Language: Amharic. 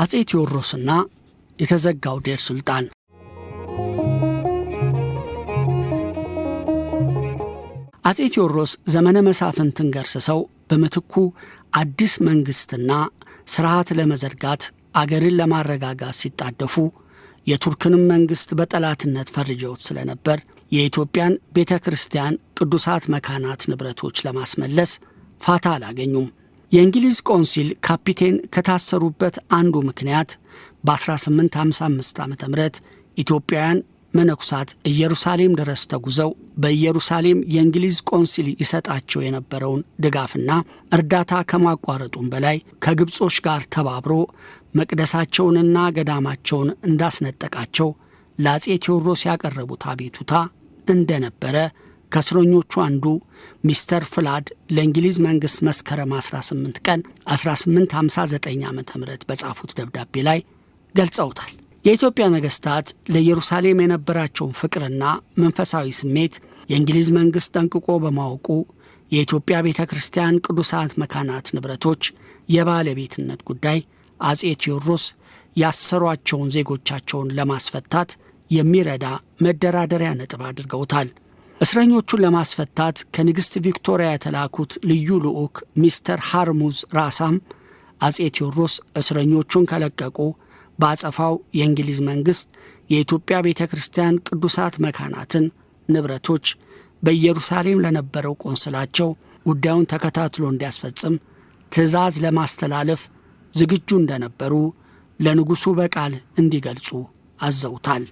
አጼ ቴዎድሮስና የተዘጋው ዴር ሱልጣን አጼ ቴዎድሮስ ዘመነ መሳፍንትን ገርስሰው በምትኩ አዲስ መንግሥትና ሥርዓት ለመዘርጋት አገርን ለማረጋጋት ሲጣደፉ የቱርክንም መንግሥት በጠላትነት ፈርጀውት ስለነበር የኢትዮጵያን ቤተ ክርስቲያን ቅዱሳት መካናት ንብረቶች ለማስመለስ ፋታ አላገኙም። የእንግሊዝ ቆንሲል ካፒቴን ከታሰሩበት አንዱ ምክንያት በ1855 ዓ ም ኢትዮጵያውያን መነኩሳት ኢየሩሳሌም ድረስ ተጉዘው በኢየሩሳሌም የእንግሊዝ ቆንሲል ይሰጣቸው የነበረውን ድጋፍና እርዳታ ከማቋረጡም በላይ ከግብጾች ጋር ተባብሮ መቅደሳቸውንና ገዳማቸውን እንዳስነጠቃቸው ለአፄ ቴዎድሮስ ያቀረቡት አቤቱታ እንደነበረ ከእስረኞቹ አንዱ ሚስተር ፍላድ ለእንግሊዝ መንግሥት መስከረም 18 ቀን 1859 ዓ ም በጻፉት ደብዳቤ ላይ ገልጸውታል። የኢትዮጵያ ነገሥታት ለኢየሩሳሌም የነበራቸውን ፍቅርና መንፈሳዊ ስሜት የእንግሊዝ መንግሥት ጠንቅቆ በማወቁ የኢትዮጵያ ቤተ ክርስቲያን ቅዱሳት መካናት ንብረቶች የባለቤትነት ጉዳይ አጼ ቴዎድሮስ ያሰሯቸውን ዜጎቻቸውን ለማስፈታት የሚረዳ መደራደሪያ ነጥብ አድርገውታል። እስረኞቹን ለማስፈታት ከንግሥት ቪክቶሪያ የተላኩት ልዩ ልዑክ ሚስተር ሃርሙዝ ራሳም አጼ ቴዎድሮስ እስረኞቹን ከለቀቁ በአጸፋው የእንግሊዝ መንግሥት የኢትዮጵያ ቤተ ክርስቲያን ቅዱሳት መካናትን ንብረቶች በኢየሩሳሌም ለነበረው ቆንስላቸው ጉዳዩን ተከታትሎ እንዲያስፈጽም ትዕዛዝ ለማስተላለፍ ዝግጁ እንደነበሩ ለንጉሡ በቃል እንዲገልጹ አዘውታል።